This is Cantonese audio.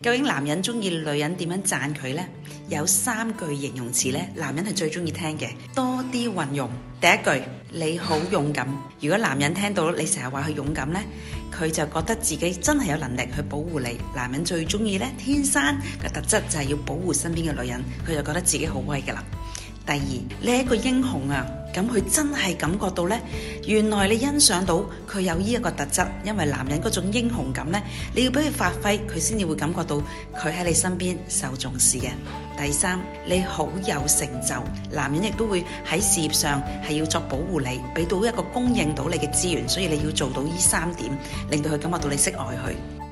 究竟男人中意女人點樣讚佢呢？有三句形容詞呢，男人係最中意聽嘅，多啲運用。第一句，你好勇敢。如果男人聽到你成日話佢勇敢呢，佢就覺得自己真係有能力去保護你。男人最中意呢，天生嘅特質就係要保護身邊嘅女人，佢就覺得自己好威㗎喇。第二，你係一個英雄啊！咁佢真係感覺到呢，原來你欣賞到佢有呢一個特質，因為男人嗰種英雄感呢，你要俾佢發揮，佢先至會感覺到佢喺你身邊受重視嘅。第三，你好有成就，男人亦都會喺事業上係要作保護你，俾到一個供應到你嘅資源，所以你要做到呢三點，令到佢感覺到你識愛佢。